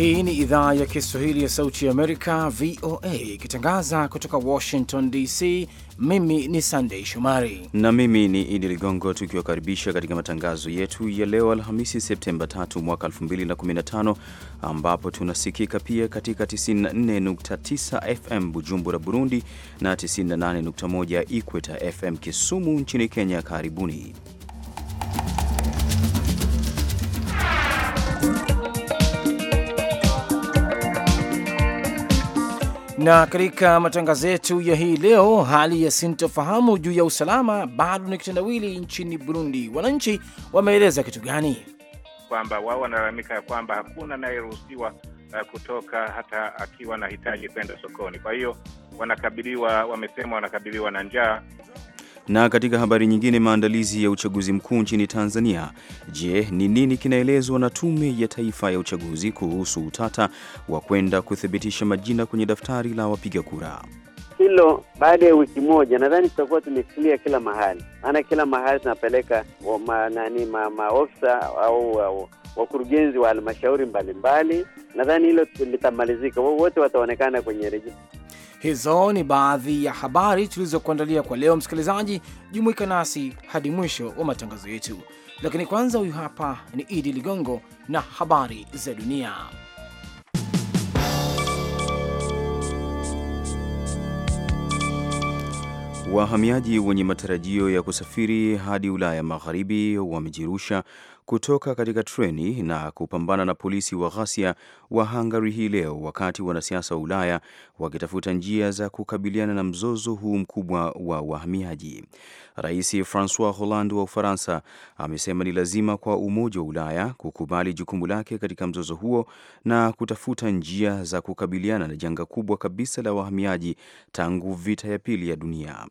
Hii ni idhaa ya Kiswahili ya Sauti ya Amerika, VOA, ikitangaza kutoka Washington DC. Mimi ni Sandei Shomari na mimi ni Idi Ligongo, tukiwakaribisha katika matangazo yetu ya leo Alhamisi Septemba 3 mwaka 2015, ambapo tunasikika pia katika 94.9 FM Bujumbura, Burundi na 98.1 Ikweta FM Kisumu nchini Kenya. Karibuni. Na katika matangazo yetu ya hii leo, hali ya sintofahamu juu ya usalama bado ni kitendawili nchini Burundi. Wananchi wameeleza kitu gani? Kwamba wao wanalalamika ya kwamba hakuna anayeruhusiwa uh, kutoka hata akiwa na hitaji kwenda sokoni. Kwa hiyo wanakabiliwa, wamesema wanakabiliwa na njaa na katika habari nyingine, maandalizi ya uchaguzi mkuu nchini Tanzania. Je, ni nini kinaelezwa na Tume ya Taifa ya Uchaguzi kuhusu utata wa kwenda kuthibitisha majina kwenye daftari la wapiga kura? Hilo baada ya wiki moja nadhani tutakuwa tumeklia kila mahali, maana kila mahali tunapeleka nani ma au, au wakurugenzi wa halmashauri mbalimbali. Nadhani hilo litamalizika, wote wataonekana kwenye rejista. Hizo ni baadhi ya habari tulizokuandalia kwa leo. Msikilizaji, jumuika nasi hadi mwisho wa matangazo yetu, lakini kwanza, huyu hapa ni Idi Ligongo na habari za dunia. Wahamiaji wenye matarajio ya kusafiri hadi Ulaya Magharibi wamejirusha kutoka katika treni na kupambana na polisi wa ghasia wa Hungary hii leo, wakati wanasiasa wa Ulaya wakitafuta njia za kukabiliana na mzozo huu mkubwa wa wahamiaji. Rais Francois Hollande wa Ufaransa amesema ni lazima kwa Umoja wa Ulaya kukubali jukumu lake katika mzozo huo na kutafuta njia za kukabiliana na janga kubwa kabisa la wahamiaji tangu vita ya pili ya dunia.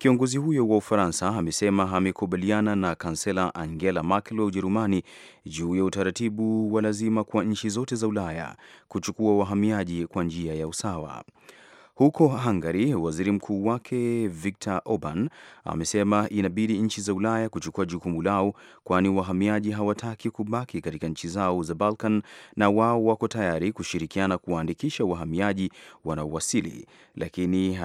Kiongozi huyo wa Ufaransa amesema amekubaliana na kansela Angela Merkel wa Ujerumani juu ya utaratibu wa lazima kwa nchi zote za Ulaya kuchukua wahamiaji kwa njia ya usawa. Huko Hungary, waziri mkuu wake Viktor Orban amesema inabidi nchi za Ulaya kuchukua jukumu lao, kwani wahamiaji hawataki kubaki katika nchi zao za Balkan na wao wako tayari kushirikiana kuwaandikisha wahamiaji wanaowasili, lakini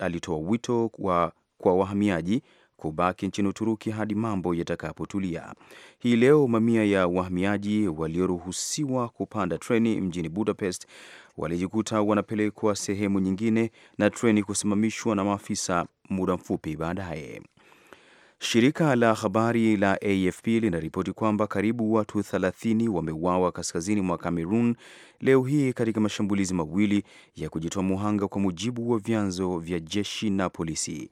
alitoa wito kwa kwa wahamiaji kubaki nchini Uturuki hadi mambo yatakapotulia. Hii leo mamia ya wahamiaji walioruhusiwa kupanda treni mjini Budapest walijikuta wanapelekwa sehemu nyingine na treni kusimamishwa na maafisa muda mfupi baadaye. Shirika la habari la AFP linaripoti kwamba karibu watu 30 wameuawa kaskazini mwa Kamerun leo hii katika mashambulizi mawili ya kujitoa muhanga, kwa mujibu wa vyanzo vya jeshi na polisi.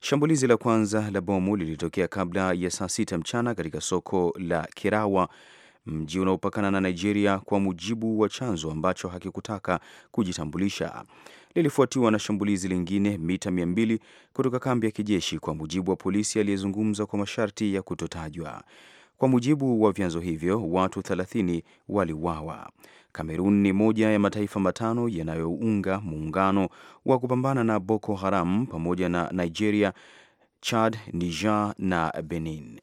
Shambulizi la kwanza la bomu lilitokea kabla ya saa sita mchana katika soko la Kirawa, mji unaopakana na Nigeria, kwa mujibu wa chanzo ambacho hakikutaka kujitambulisha. Lilifuatiwa na shambulizi lingine mita 200 kutoka kambi ya kijeshi, kwa mujibu wa polisi aliyezungumza kwa masharti ya kutotajwa. Kwa mujibu wa vyanzo hivyo, watu 30 waliuawa. Kamerun ni moja ya mataifa matano yanayounga muungano wa kupambana na Boko Haram pamoja na Nigeria, Chad, Niger na Benin.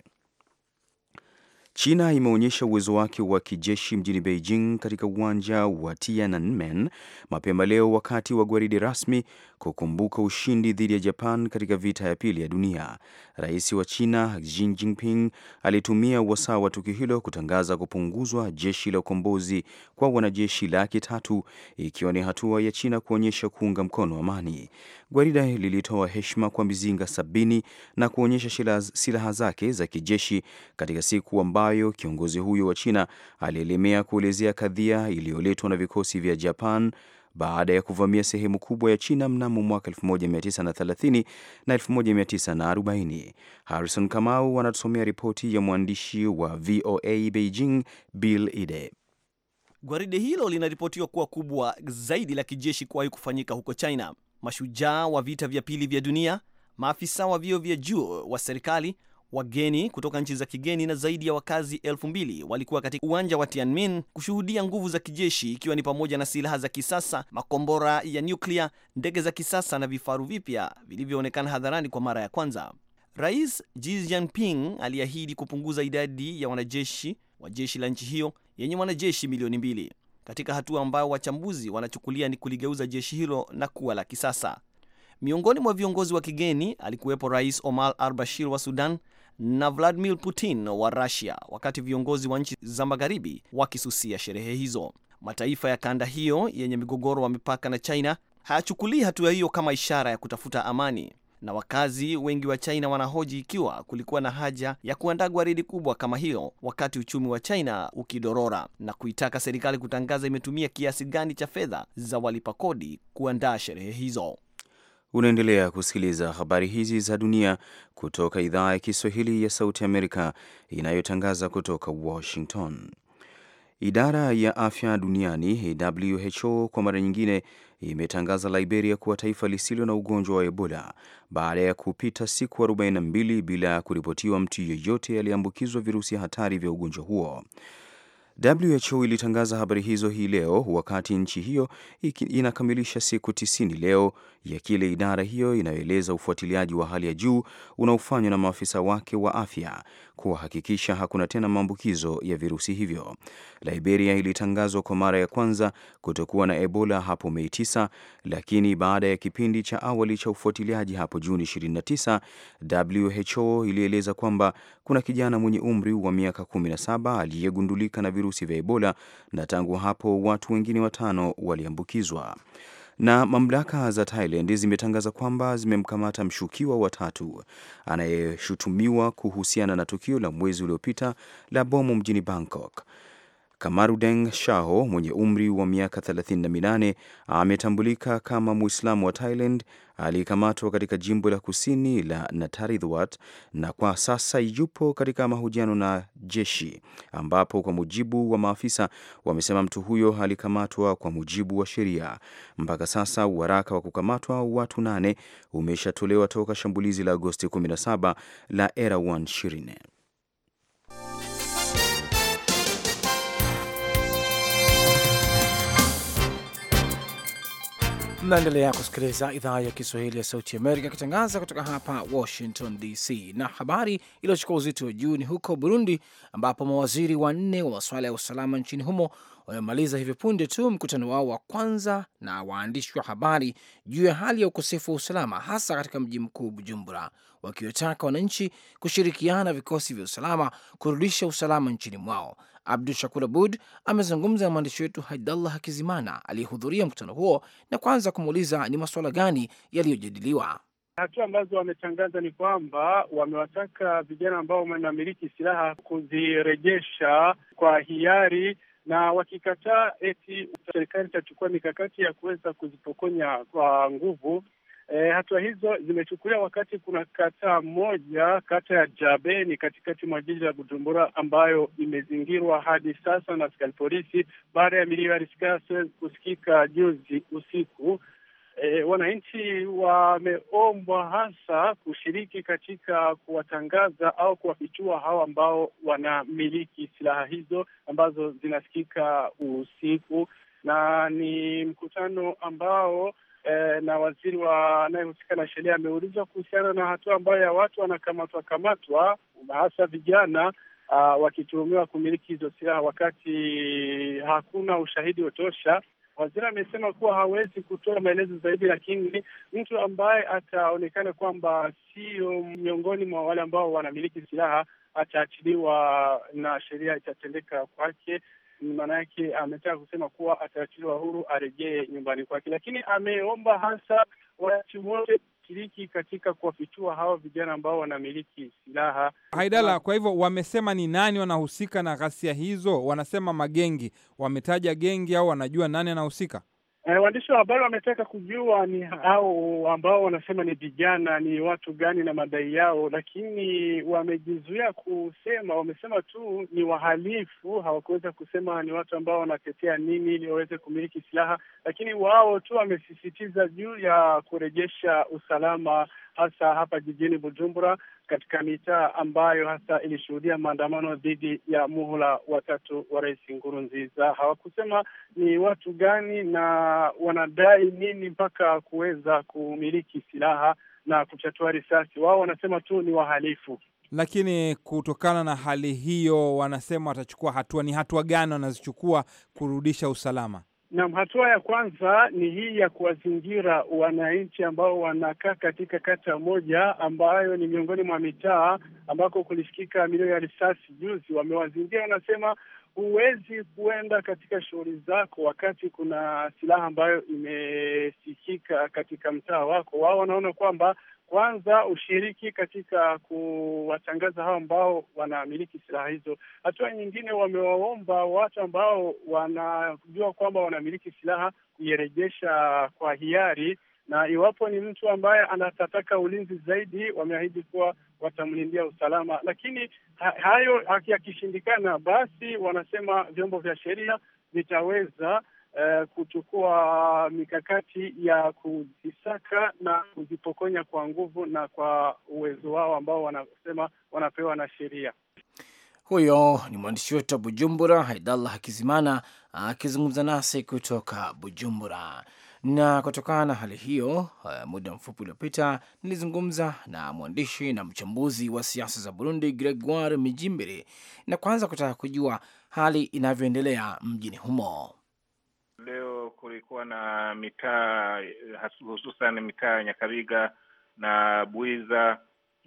China imeonyesha uwezo wake wa kijeshi mjini Beijing katika uwanja wa Tiananmen mapema leo wakati wa gwaridi rasmi kukumbuka ushindi dhidi ya Japan katika vita ya pili ya dunia. Rais wa China Xi Jinping alitumia wasaa wa tukio hilo kutangaza kupunguzwa jeshi la ukombozi kwa wanajeshi laki tatu ikiwa ni hatua ya China kuonyesha kuunga mkono amani. Gwarida lilitoa heshima kwa mizinga sabini na kuonyesha silaha zake za kijeshi katika siku ambayo kiongozi huyo wa China alielemea kuelezea kadhia iliyoletwa na vikosi vya Japan baada ya kuvamia sehemu kubwa ya China mnamo mwaka 1930 na 1940. Harrison Kamau anatusomea ripoti ya mwandishi wa VOA Beijing, Bill Ide. Gwaride hilo linaripotiwa kuwa kubwa zaidi la kijeshi kuwahi kufanyika huko China. Mashujaa wa vita vya pili vya dunia, maafisa wa vio vya juu wa serikali Wageni kutoka nchi za kigeni na zaidi ya wakazi elfu mbili walikuwa katika uwanja wa tianmin kushuhudia nguvu za kijeshi, ikiwa ni pamoja na silaha za kisasa, makombora ya nyuklia, ndege za kisasa na vifaru vipya vilivyoonekana hadharani kwa mara ya kwanza. Rais Xi Jinping aliahidi kupunguza idadi ya wanajeshi wa jeshi la nchi hiyo yenye wanajeshi milioni mbili katika hatua ambayo wachambuzi wanachukulia ni kuligeuza jeshi hilo na kuwa la kisasa. Miongoni mwa viongozi wa kigeni alikuwepo Rais Omar al-Bashir wa Sudan na Vladimir Putin wa Russia, wakati viongozi wa nchi za magharibi wakisusia sherehe hizo. Mataifa ya kanda hiyo yenye migogoro wa mipaka na China hayachukulii hatua hiyo kama ishara ya kutafuta amani, na wakazi wengi wa China wanahoji ikiwa kulikuwa na haja ya kuandaa gwaridi kubwa kama hiyo wakati uchumi wa China ukidorora, na kuitaka serikali kutangaza imetumia kiasi gani cha fedha za walipa kodi kuandaa sherehe hizo. Unaendelea kusikiliza habari hizi za dunia kutoka idhaa ya Kiswahili ya Sauti Amerika inayotangaza kutoka Washington. Idara ya afya duniani WHO kwa mara nyingine imetangaza Liberia kuwa taifa lisilo na ugonjwa wa Ebola baada ya kupita siku 42 bila ya kuripotiwa mtu yeyote aliyeambukizwa virusi hatari vya ugonjwa huo. WHO ilitangaza habari hizo hii leo wakati nchi hiyo inakamilisha siku tisini leo ya kile idara hiyo inayoeleza ufuatiliaji wa hali ya juu unaofanywa na maafisa wake wa afya kuwahakikisha hakuna tena maambukizo ya virusi hivyo. Liberia ilitangazwa kwa mara ya kwanza kutokuwa na Ebola hapo Mei 9, lakini baada ya kipindi cha awali cha ufuatiliaji hapo Juni 29, WHO ilieleza kwamba kuna kijana mwenye umri wa miaka 17 aliyegundulika na virusi vya Ebola na tangu hapo watu wengine watano waliambukizwa. Na mamlaka za Thailand zimetangaza kwamba zimemkamata mshukiwa wa tatu anayeshutumiwa kuhusiana na tukio la mwezi uliopita la bomu mjini Bangkok. Kamaru Deng Shaho mwenye umri wa miaka 38 ametambulika kama Muislamu wa Thailand aliyekamatwa katika jimbo la kusini la Natariwat na kwa sasa yupo katika mahojiano na jeshi, ambapo kwa mujibu wa maafisa wamesema mtu huyo alikamatwa kwa mujibu wa sheria. Mpaka sasa waraka wa kukamatwa watu nane umeshatolewa toka shambulizi la Agosti 17 la Erawan Shirine. Mnaendelea kusikiliza idhaa ya Kiswahili ya Sauti Amerika ikitangaza kutoka hapa Washington DC. Na habari iliyochukua uzito wa juu ni huko Burundi, ambapo mawaziri wanne wa masuala ya usalama nchini humo wamemaliza hivi punde tu mkutano wao wa kwanza na waandishi wa habari juu ya hali ya ukosefu wa usalama, hasa katika mji mkuu Bujumbura, wakiwataka wananchi kushirikiana vikosi vya usalama kurudisha usalama nchini mwao, Abdu Shakur Abud amezungumza na mwandishi wetu Haidallah Hakizimana aliyehudhuria mkutano huo na kwanza kumuuliza ni masuala gani yaliyojadiliwa. Hatua ambazo wametangaza ni kwamba wamewataka vijana ambao wanamiliki silaha kuzirejesha kwa hiari na wakikataa, eti serikali itachukua mikakati ya kuweza kuzipokonya kwa nguvu E, hatua hizo zimechukuliwa wakati kuna kata moja, kata ya Jabeni katikati mwa jiji la Bujumbura, ambayo imezingirwa hadi sasa na askari polisi baada ya milio ya risasi kusikika juzi usiku. E, wananchi wameombwa hasa kushiriki katika kuwatangaza au kuwafichua hawa ambao wanamiliki silaha hizo ambazo zinasikika usiku, na ni mkutano ambao eh, na waziri anayehusika na sheria ameulizwa kuhusiana na hatua ambayo ya watu wanakamatwa kamatwa hasa vijana uh, wakituhumiwa kumiliki hizo silaha wakati hakuna ushahidi wotosha. Waziri amesema kuwa hawezi kutoa maelezo zaidi, lakini mtu ambaye ataonekana kwamba sio miongoni mwa wale ambao wanamiliki silaha ataachiliwa na sheria itatendeka kwake maana yake ametaka kusema kuwa ataachiliwa huru arejee nyumbani kwake, lakini ameomba hasa wananchi wote shiriki katika kuwafichua hawa vijana ambao wanamiliki silaha haidala. Kwa hivyo wamesema ni nani wanahusika na ghasia hizo? Wanasema magengi, wametaja gengi au wanajua nani anahusika? Eh, waandishi wa habari wametaka kujua ni hao ambao wanasema ni vijana ni watu gani na madai yao, lakini wamejizuia kusema. Wamesema tu ni wahalifu, hawakuweza kusema ni watu ambao wanatetea nini ili waweze kumiliki silaha, lakini wao tu wamesisitiza juu ya kurejesha usalama hasa hapa jijini Bujumbura, katika mitaa ambayo hasa ilishuhudia maandamano dhidi ya muhula watatu wa Rais Nkurunziza. Hawakusema ni watu gani na wanadai nini mpaka kuweza kumiliki silaha na kuchatua risasi. Wao wanasema tu ni wahalifu. Lakini kutokana na hali hiyo, wanasema watachukua hatua. Ni hatua gani wanazichukua kurudisha usalama? Naam, hatua ya kwanza ni hii ya kuwazingira wananchi ambao wanakaa katika kata moja ambayo ni miongoni mwa mitaa ambako kulisikika milio ya risasi juzi. Wamewazingira, wanasema huwezi kuenda katika shughuli zako wakati kuna silaha ambayo imesikika katika mtaa wako. Wao wanaona kwamba kwanza ushiriki katika kuwatangaza hao ambao wanamiliki silaha hizo. Hatua nyingine, wamewaomba watu ambao wanajua kwamba wanamiliki silaha kuirejesha kwa hiari, na iwapo ni mtu ambaye anatataka ulinzi zaidi, wameahidi kuwa watamlindia usalama. Lakini hayo yakishindikana, basi wanasema vyombo vya sheria vitaweza Eh, kuchukua mikakati ya kuzisaka na kuzipokonya kwa nguvu na kwa uwezo wao ambao wanasema wanapewa na sheria. Huyo ni mwandishi wetu wa Bujumbura, Haidallah Hakizimana akizungumza nasi kutoka Bujumbura. Na kutokana na hali hiyo, eh, muda mfupi uliopita nilizungumza na mwandishi na mchambuzi wa siasa za Burundi, Gregoire mijimbiri na kwanza kutaka kujua hali inavyoendelea mjini humo kulikuwa na mitaa hususan mitaa ya Nyakabiga na Bwiza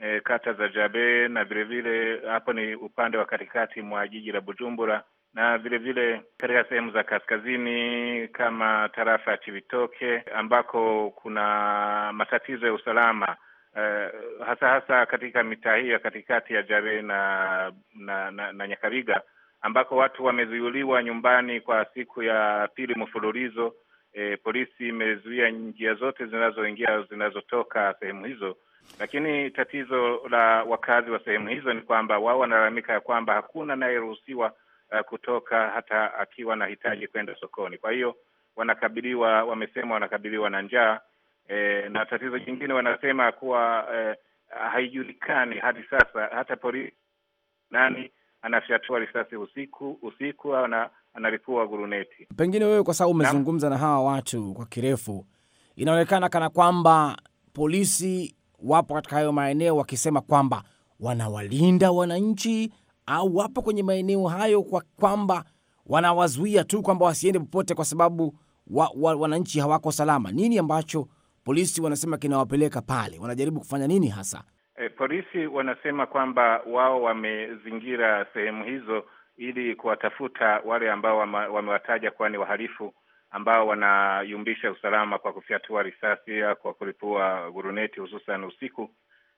e, kata za Jabe na vilevile hapo ni upande wa katikati mwa jiji la Bujumbura na vilevile katika sehemu za kaskazini kama tarafa ya Cibitoke ambako kuna matatizo ya usalama e, hasa hasa katika mitaa hiyo ya katikati ya Jabe na, na, na, na Nyakabiga ambako watu wamezuiliwa nyumbani kwa siku ya pili mfululizo. E, polisi imezuia njia zote zinazoingia zinazotoka sehemu hizo, lakini tatizo la wakazi wa sehemu hizo ni kwamba wao wanalalamika ya kwamba hakuna anayeruhusiwa uh, kutoka hata akiwa na hitaji kwenda sokoni. Kwa hiyo wanakabiliwa, wamesema wanakabiliwa na njaa e, na tatizo jingine wanasema kuwa e, haijulikani hadi sasa hata polisi nani anafyatua risasi usiku usiku, ana, analipua guruneti. Pengine wewe kwa sababu umezungumza na, na hawa watu kwa kirefu, inaonekana kana kwamba polisi wapo katika hayo maeneo wakisema kwamba wanawalinda wananchi au wapo kwenye maeneo hayo kwa kwamba wanawazuia tu kwamba wasiende popote kwa sababu wa, wa, wananchi hawako salama. Nini ambacho polisi wanasema kinawapeleka pale? Wanajaribu kufanya nini hasa? E, polisi wanasema kwamba wao wamezingira sehemu hizo ili kuwatafuta wale ambao wamewataja kuwa ni wahalifu ambao wanayumbisha usalama kwa kufyatua risasi, kwa kulipua guruneti hususan usiku.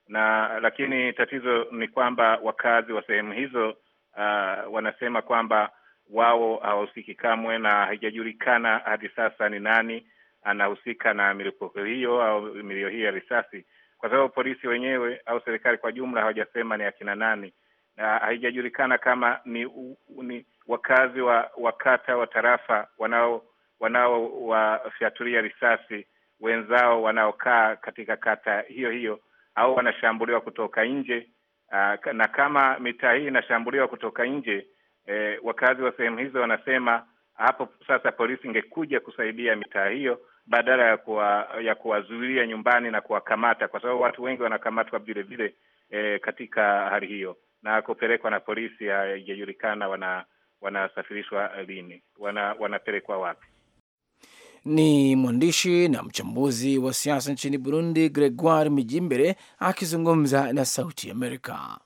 Na lakini tatizo ni kwamba wakazi wa sehemu hizo uh, wanasema kwamba wao hawahusiki kamwe, na haijajulikana hadi sasa ni nani anahusika na milipuko hiyo au milio hii ya risasi kwa sababu polisi wenyewe au serikali kwa jumla hawajasema ni akina nani, na haijajulikana kama ni, u, ni wakazi wa wakata wa tarafa wanao wanaowafyatulia risasi wenzao wanaokaa katika kata hiyo hiyo au wanashambuliwa kutoka nje. Ah, na kama mitaa hii inashambuliwa kutoka nje e, wakazi wa sehemu hizo wanasema hapo sasa polisi ingekuja kusaidia mitaa hiyo badala ya kuwa, ya kuwazuilia nyumbani na kuwakamata, kwa sababu watu wengi wanakamatwa vile vile e, katika hali hiyo na kupelekwa na polisi, ah, haijajulikana wana wanasafirishwa lini, wana, wanapelekwa wapi. Ni mwandishi na mchambuzi wa siasa nchini Burundi Gregoire Mijimbere akizungumza na Sauti Amerika.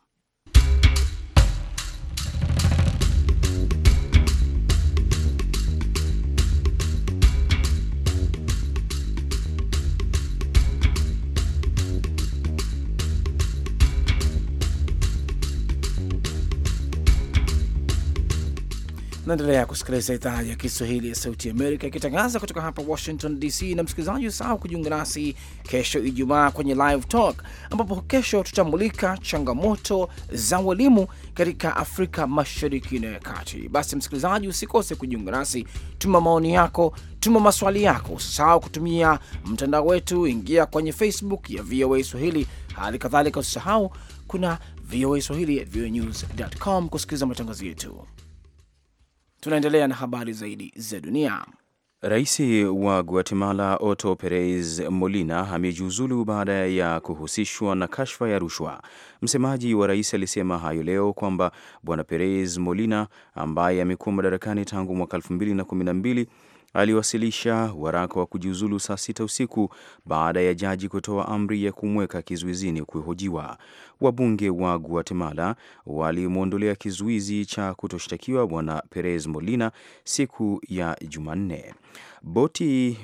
Naendelea kusikiliza idhaa ya Kiswahili ya Sauti Amerika ikitangaza kutoka hapa Washington DC. Na msikilizaji, usahau kujiunga nasi kesho Ijumaa kwenye Live Talk, ambapo kesho tutamulika changamoto za ualimu katika Afrika Mashariki na ya Kati. Basi msikilizaji, usikose kujiunga nasi, tuma maoni yako, tuma maswali yako, usisahau kutumia mtandao wetu, ingia kwenye Facebook ya VOA Swahili. Hali kadhalika usisahau kuna VOA Swahili at voanews.com kusikiliza matangazo yetu. Tunaendelea na habari zaidi za dunia. Rais wa Guatemala Otto Perez Molina amejiuzulu baada ya kuhusishwa na kashfa ya rushwa. Msemaji wa rais alisema hayo leo kwamba bwana Perez Molina ambaye amekuwa madarakani tangu mwaka 2012 aliwasilisha waraka wa kujiuzulu saa sita usiku baada ya jaji kutoa amri ya kumweka kizuizini kuhojiwa. Wabunge wa Guatemala walimwondolea kizuizi cha kutoshtakiwa bwana Perez Molina siku ya Jumanne. Boti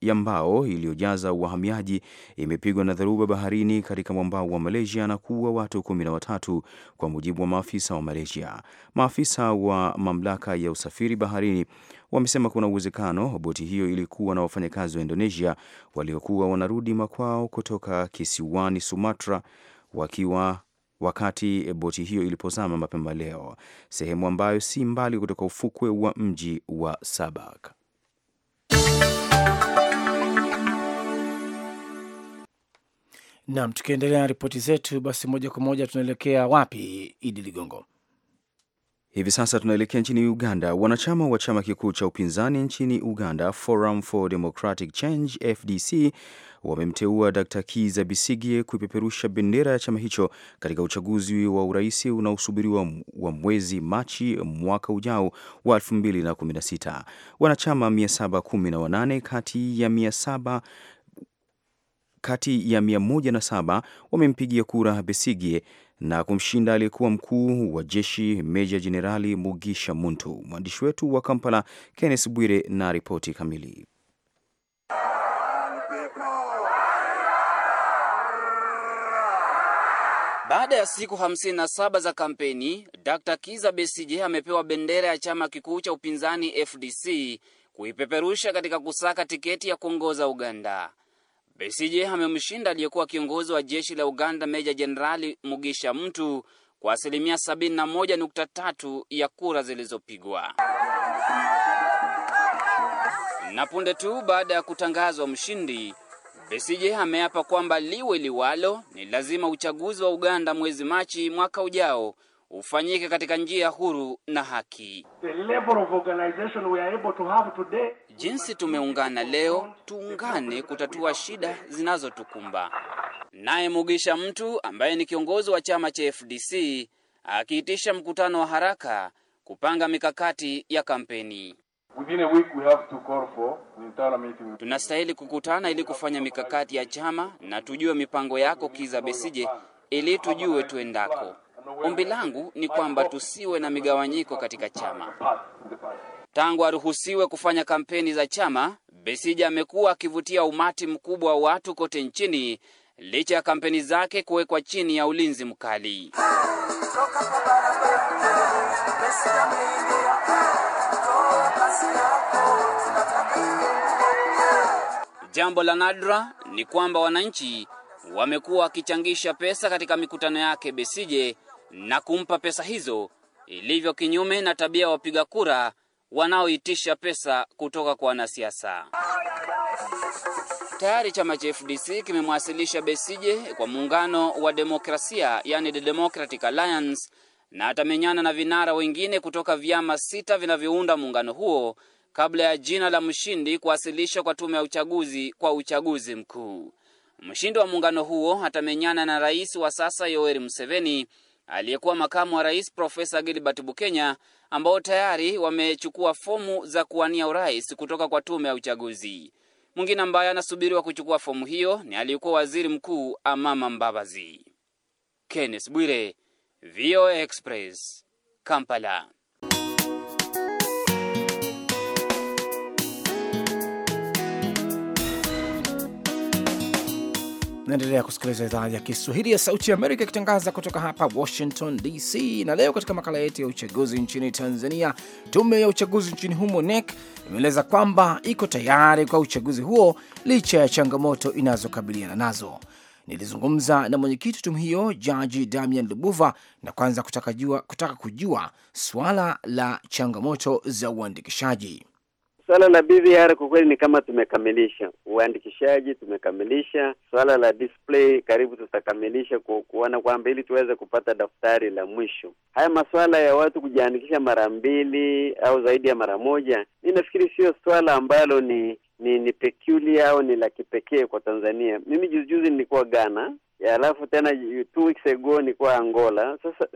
ya mbao iliyojaza wahamiaji imepigwa na dharuba baharini katika mwambao wa Malaysia na kuua watu kumi na watatu kwa mujibu wa maafisa wa Malaysia. Maafisa wa mamlaka ya usafiri baharini wamesema kuna uwezekano boti hiyo ilikuwa na wafanyakazi wa Indonesia waliokuwa wanarudi makwao kutoka kisiwani Sumatra wakiwa wakati boti hiyo ilipozama mapema leo, sehemu ambayo si mbali kutoka ufukwe wa mji wa Sabak. Nam, tukiendelea na ripoti zetu, basi moja kwa moja tunaelekea wapi, Idi Ligongo? Hivi sasa tunaelekea nchini Uganda. Wanachama wa chama kikuu cha upinzani nchini Uganda, Forum for Democratic Change, FDC, wamemteua Dr Kiza bisigie kuipeperusha bendera ya chama hicho katika uchaguzi wa urais unaosubiriwa wa mwezi Machi mwaka ujao wa 2016. Wanachama 718 kati ya 700 kati ya 107 wamempigia kura Besigye na kumshinda aliyekuwa mkuu wa jeshi Meja Jenerali Mugisha Muntu. Mwandishi wetu wa Kampala, Kenneth Bwire, na ripoti kamili. Baada ya siku 57 za kampeni, Dr. Kiza Besije amepewa bendera ya chama kikuu cha upinzani FDC kuipeperusha katika kusaka tiketi ya kuongoza Uganda. Besije amemshinda aliyekuwa kiongozi wa jeshi la Uganda Meja Jenerali Mugisha mtu kwa asilimia 71.3 ya kura zilizopigwa. Na punde tu baada ya kutangazwa mshindi, Besije ameapa kwamba liwe liwalo, ni lazima uchaguzi wa Uganda mwezi Machi mwaka ujao ufanyike katika njia huru na haki. The level of organization we are able to have today Jinsi tumeungana leo, tuungane kutatua shida zinazotukumba. Naye Mugisha Mtu ambaye ni kiongozi wa chama cha FDC akiitisha mkutano wa haraka kupanga mikakati ya kampeni. Tunastahili kukutana ili kufanya mikakati ya chama na tujue mipango yako, Kiza Besije, ili tujue tuendako. Ombi langu ni kwamba tusiwe na migawanyiko katika chama. Tangu aruhusiwe kufanya kampeni za chama, Besija amekuwa akivutia umati mkubwa wa watu kote nchini licha ya kampeni zake kuwekwa chini ya ulinzi mkali. Jambo la nadra ni kwamba wananchi wamekuwa wakichangisha pesa katika mikutano yake besije na kumpa pesa hizo, ilivyo kinyume na tabia ya wapiga kura wanaoitisha pesa kutoka kwa wanasiasa. Tayari chama cha FDC kimemwasilisha Besije kwa muungano wa demokrasia, yani the Democratic Alliance, na atamenyana na vinara wengine kutoka vyama sita vinavyounda muungano huo kabla ya jina la mshindi kuwasilishwa kwa tume ya uchaguzi kwa uchaguzi mkuu. Mshindi wa muungano huo atamenyana na rais wa sasa Yoweri Museveni aliyekuwa makamu wa rais Profesa Gilbert Bukenya ambao tayari wamechukua fomu za kuwania urais kutoka kwa tume ya uchaguzi. Mwingine ambaye anasubiriwa kuchukua fomu hiyo ni aliyekuwa waziri mkuu Amama Mbabazi. Kenneth Bwire, VOA Express, Kampala. Naendelea kusikiliza idhaa ya Kiswahili ya Sauti ya Amerika ikitangaza kutoka hapa Washington DC. Na leo katika makala yetu ya uchaguzi nchini Tanzania, tume ya uchaguzi nchini humo NEC imeeleza kwamba iko tayari kwa uchaguzi huo licha ya changamoto inazokabiliana nazo. Nilizungumza na mwenyekiti tume hiyo Jaji Damian Lubuva na kwanza kutaka, jua, kutaka kujua suala la changamoto za uandikishaji. Swala la BVR kwa kweli ni kama tumekamilisha uandikishaji, tumekamilisha swala la display, karibu tutakamilisha ku, kuona kwamba ili tuweze kupata daftari la mwisho. Haya masuala ya watu kujiandikisha mara mbili au zaidi ya mara moja, nafikiri sio swala ambalo ni ni, ni peculiar au ni la kipekee kwa Tanzania. Mimi juzijuzi nilikuwa Ghana Eh, alafu tena two weeks ago kwa Angola. Sasa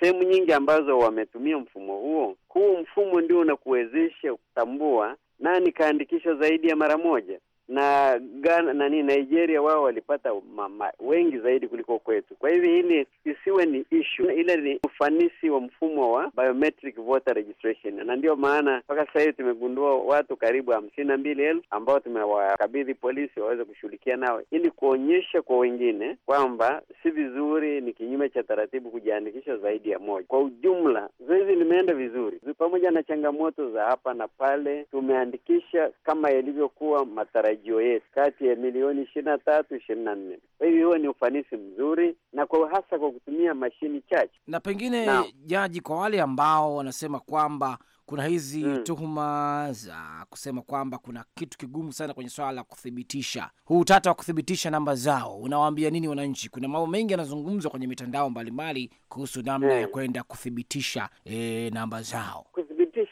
sehemu nyingi ambazo wametumia mfumo huo, huu mfumo ndio unakuwezesha kutambua nani kaandikishwa zaidi ya mara moja na Ghana nani Nigeria wao walipata mama wengi zaidi kuliko kwetu. Kwa hivyo hili isiwe ni issue, ile ni ufanisi wa mfumo wa biometric voter registration, na ndio maana mpaka sasa hivi tumegundua watu karibu hamsini na mbili elfu ambao tumewakabidhi polisi waweze kushughulikia nao, ili kuonyesha kwa wengine kwamba si vizuri, ni kinyume cha taratibu kujiandikisha zaidi ya moja. Kwa ujumla, zoezi limeenda vizuri, pamoja na changamoto za hapa na pale. Tumeandikisha kama ilivyokuwa matarajio ya kati ya milioni ishirini na tatu ishirini na nne. Kwa hivyo huo ni ufanisi mzuri, na kwa hasa kwa kutumia mashini chache. Na pengine na, jaji, kwa wale ambao wanasema kwamba kuna hizi mm, tuhuma za kusema kwamba kuna kitu kigumu sana kwenye swala la kuthibitisha huu utata wa kuthibitisha namba zao, unawaambia nini wananchi? Kuna mambo mengi yanazungumzwa kwenye mitandao mbalimbali kuhusu namna mm, ya hmm. kwenda kuthibitisha e, namba zao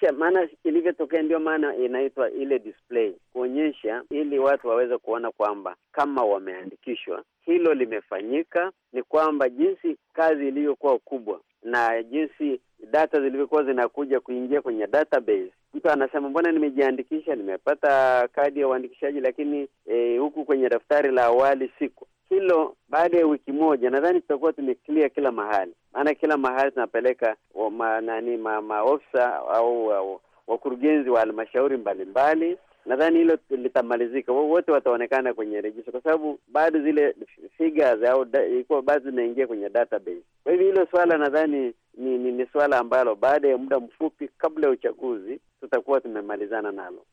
kuonyesha, maana ilivyotokea ndio maana inaitwa ile display, kuonyesha ili watu waweze kuona kwamba kama wameandikishwa. Hilo limefanyika, ni kwamba jinsi kazi iliyokuwa kubwa na jinsi data zilivyokuwa zinakuja kuingia kwenye database, mtu anasema mbona nimejiandikisha, nimepata kadi ya uandikishaji, lakini e, huku kwenye daftari la awali siku hilo baada ya wiki moja nadhani tutakuwa tumeklia kila mahali, maana kila mahali tunapeleka ma, nani maofisa au, au wakurugenzi wa halmashauri mbalimbali. Nadhani hilo litamalizika, wote wataonekana kwenye rejista, kwa sababu bado zile figures au ilikuwa bado zinaingia kwenye database. Kwa hivyo hilo swala nadhani ni, ni, ni swala ambalo baada ya muda mfupi kabla ya uchaguzi tutakuwa tumemalizana nalo.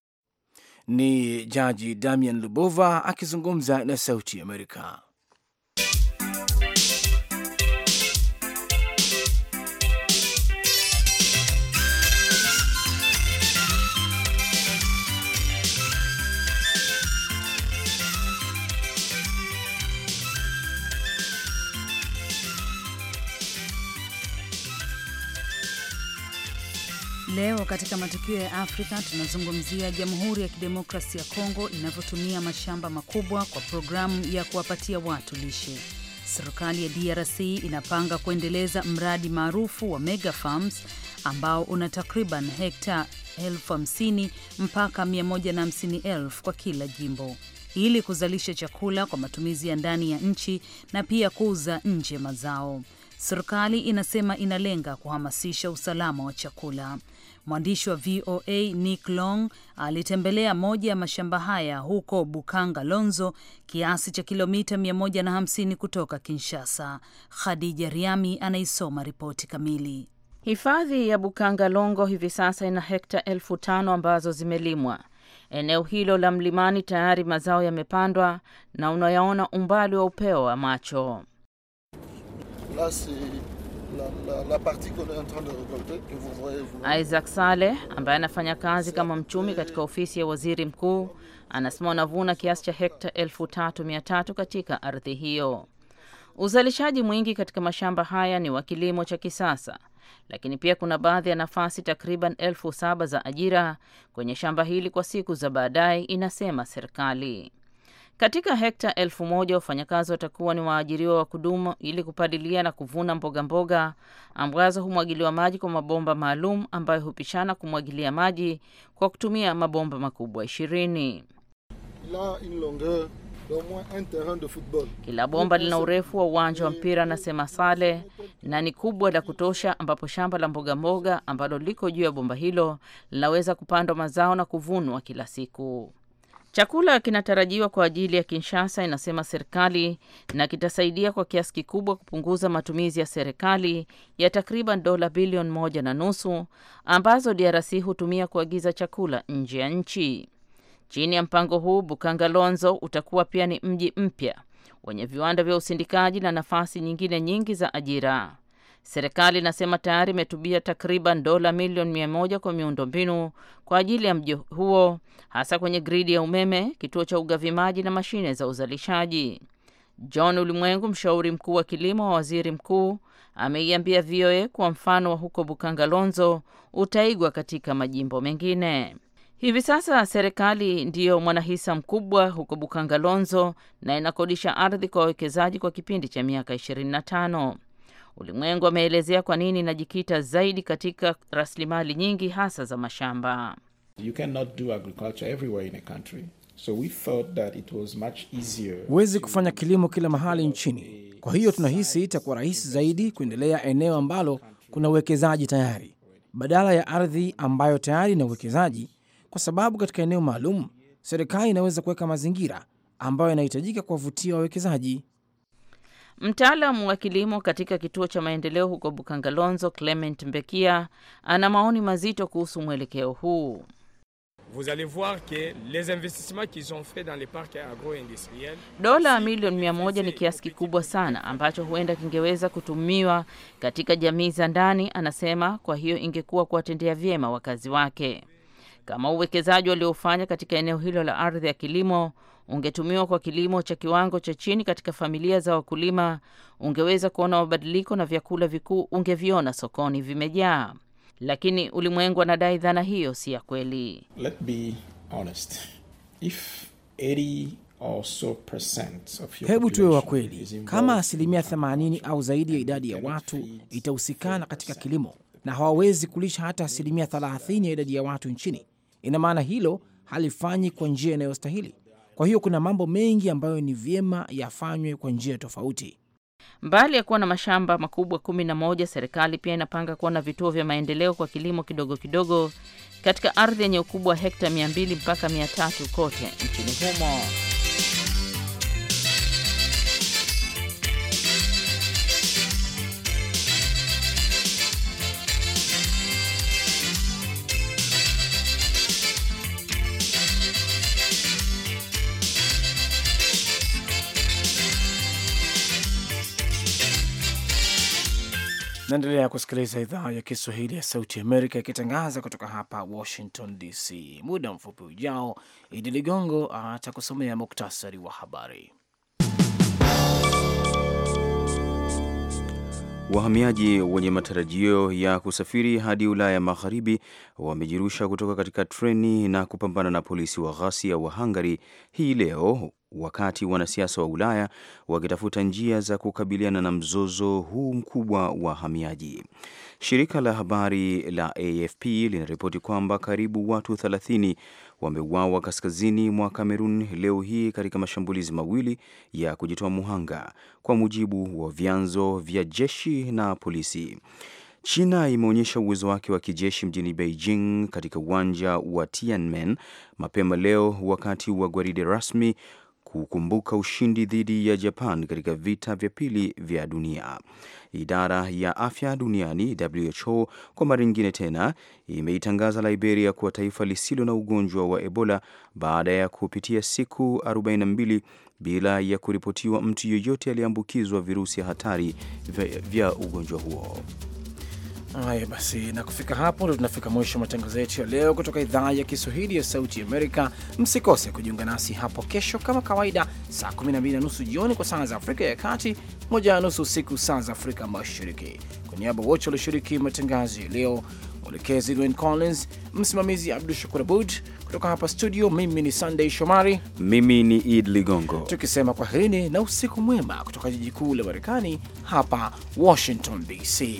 Ni Jaji Damian Lubova akizungumza na Sauti ya Amerika. Leo katika matukio ya Afrika tunazungumzia Jamhuri ya Kidemokrasi ya Kongo inavyotumia mashamba makubwa kwa programu ya kuwapatia watu lishe. Serikali ya DRC inapanga kuendeleza mradi maarufu wa mega farms ambao una takriban hekta elfu hamsini mpaka 150,000 kwa kila jimbo ili kuzalisha chakula kwa matumizi ya ndani ya nchi na pia kuuza nje mazao. Serikali inasema inalenga kuhamasisha usalama wa chakula. Mwandishi wa VOA Nick Long alitembelea moja ya mashamba haya huko Bukanga Lonzo, kiasi cha kilomita 150 kutoka Kinshasa. Khadija Riami anaisoma ripoti kamili. Hifadhi ya Bukanga Longo hivi sasa ina hekta elfu tano ambazo zimelimwa. Eneo hilo la mlimani tayari mazao yamepandwa na unayaona umbali wa upeo wa macho Lasi la, la, la partie qu'on est en train de récolter que vous voyez vous. Isaac Saleh ambaye anafanya kazi kama mchumi katika ofisi ya waziri mkuu anasema wanavuna kiasi cha hekta elfu tatu mia tatu katika ardhi hiyo. Uzalishaji mwingi katika mashamba haya ni wa kilimo cha kisasa, lakini pia kuna baadhi ya nafasi takriban elfu saba za ajira kwenye shamba hili kwa siku za baadaye, inasema serikali. Katika hekta elfu moja wafanyakazi watakuwa ni waajiriwa wa kudumu ili kupalilia na kuvuna mboga mboga ambazo humwagiliwa maji kwa mabomba maalum ambayo hupishana kumwagilia maji kwa kutumia mabomba makubwa ishirini. Kila bomba lina urefu wa uwanja wa mpira na sale na ni kubwa la kutosha, ambapo shamba la mboga mboga ambalo liko juu ya bomba hilo linaweza kupandwa mazao na kuvunwa kila siku. Chakula kinatarajiwa kwa ajili ya Kinshasa, inasema serikali, na kitasaidia kwa kiasi kikubwa kupunguza matumizi ya serikali ya takriban dola bilioni moja na nusu ambazo DRC hutumia kuagiza chakula nje ya nchi. Chini ya mpango huu, Bukangalonzo utakuwa pia ni mji mpya wenye viwanda vya usindikaji na nafasi nyingine nyingi za ajira. Serikali inasema tayari imetubia takriban dola milioni 100 kwa miundombinu kwa ajili ya mji huo, hasa kwenye gridi ya umeme, kituo cha ugavimaji na mashine za uzalishaji. John Ulimwengu, mshauri mkuu wa kilimo wa waziri mkuu, ameiambia VOA kwa mfano wa huko Bukangalonzo utaigwa katika majimbo mengine. Hivi sasa serikali ndiyo mwanahisa mkubwa huko Bukangalonzo na inakodisha ardhi kwa wawekezaji kwa kipindi cha miaka tano. Ulimwengu ameelezea kwa nini inajikita zaidi katika rasilimali nyingi hasa za mashamba. Huwezi kufanya kilimo kila mahali nchini, kwa hiyo tunahisi itakuwa rahisi zaidi kuendelea eneo ambalo kuna uwekezaji tayari badala ya ardhi ambayo tayari ina uwekezaji, kwa sababu katika eneo maalum serikali inaweza kuweka mazingira ambayo yanahitajika kuwavutia wawekezaji. Mtaalamu wa kilimo katika kituo cha maendeleo huko Bukangalonzo, Clement Mbekia, ana maoni mazito kuhusu mwelekeo huu. Vous allez voir que les investissements qu'ils ont fait dans les parcs agro-industriels. Dola milioni mia moja ni kiasi kikubwa sana ambacho huenda kingeweza kutumiwa katika jamii za ndani, anasema. Kwa hiyo ingekuwa kuwatendea vyema wakazi wake kama uwekezaji waliofanya katika eneo hilo la ardhi ya kilimo ungetumiwa kwa kilimo cha kiwango cha chini katika familia za wakulima, ungeweza kuona mabadiliko na vyakula vikuu ungeviona sokoni vimejaa. Lakini ulimwengu anadai dhana hiyo si ya kweli. Let be honest. If 80 hebu tuwe wa kweli, kama asilimia 80 au zaidi ya idadi ya watu itahusikana katika kilimo na hawawezi kulisha hata asilimia 30 ya idadi ya watu nchini, ina maana hilo halifanyi kwa njia inayostahili. Kwa hiyo kuna mambo mengi ambayo ni vyema yafanywe kwa njia tofauti. Mbali ya kuwa na mashamba makubwa kumi na moja, serikali pia inapanga kuwa na vituo vya maendeleo kwa kilimo kidogo kidogo katika ardhi yenye ukubwa wa hekta 200 mpaka 3 kote nchini humo. Naendelea kusikiliza idhaa ya Kiswahili ya Sauti Amerika ikitangaza kutoka hapa Washington DC. Muda mfupi ujao, Idi Ligongo atakusomea muktasari wa habari. Wahamiaji wenye matarajio ya kusafiri hadi Ulaya Magharibi wamejirusha kutoka katika treni na kupambana na polisi wa ghasia wa Hungary hii leo wakati wanasiasa wa Ulaya wakitafuta njia za kukabiliana na mzozo huu mkubwa wa hamiaji. Shirika la habari la AFP linaripoti kwamba karibu watu 30 wameuawa kaskazini mwa Kamerun leo hii katika mashambulizi mawili ya kujitoa muhanga, kwa mujibu wa vyanzo vya jeshi na polisi. China imeonyesha uwezo wake wa kijeshi mjini Beijing katika uwanja wa Tiananmen mapema leo wakati wa gwaride rasmi kukumbuka ushindi dhidi ya Japan katika vita vya pili vya dunia. Idara ya afya duniani WHO kwa mara nyingine tena imeitangaza Liberia kuwa taifa lisilo na ugonjwa wa Ebola baada ya kupitia siku 42 bila ya kuripotiwa mtu yeyote aliyeambukizwa virusi hatari vya ugonjwa huo. Haya basi, na kufika hapo ndo tunafika mwisho wa matangazo yetu ya leo kutoka idhaa ya Kiswahili ya Sauti Amerika. Msikose kujiunga nasi hapo kesho kama kawaida, saa 12 na nusu jioni kwa saa za Afrika ya Kati, moja na nusu usiku saa za Afrika Mashariki. Kwa niaba wote walioshiriki matangazo ya leo, mwelekezi Gwen Collins, msimamizi Abdu Shakur Abud kutoka hapa studio, mimi ni Sunday Shomari, mimi ni Id Ligongo, tukisema kwaherini na usiku mwema kutoka jiji kuu la Marekani, hapa Washington DC.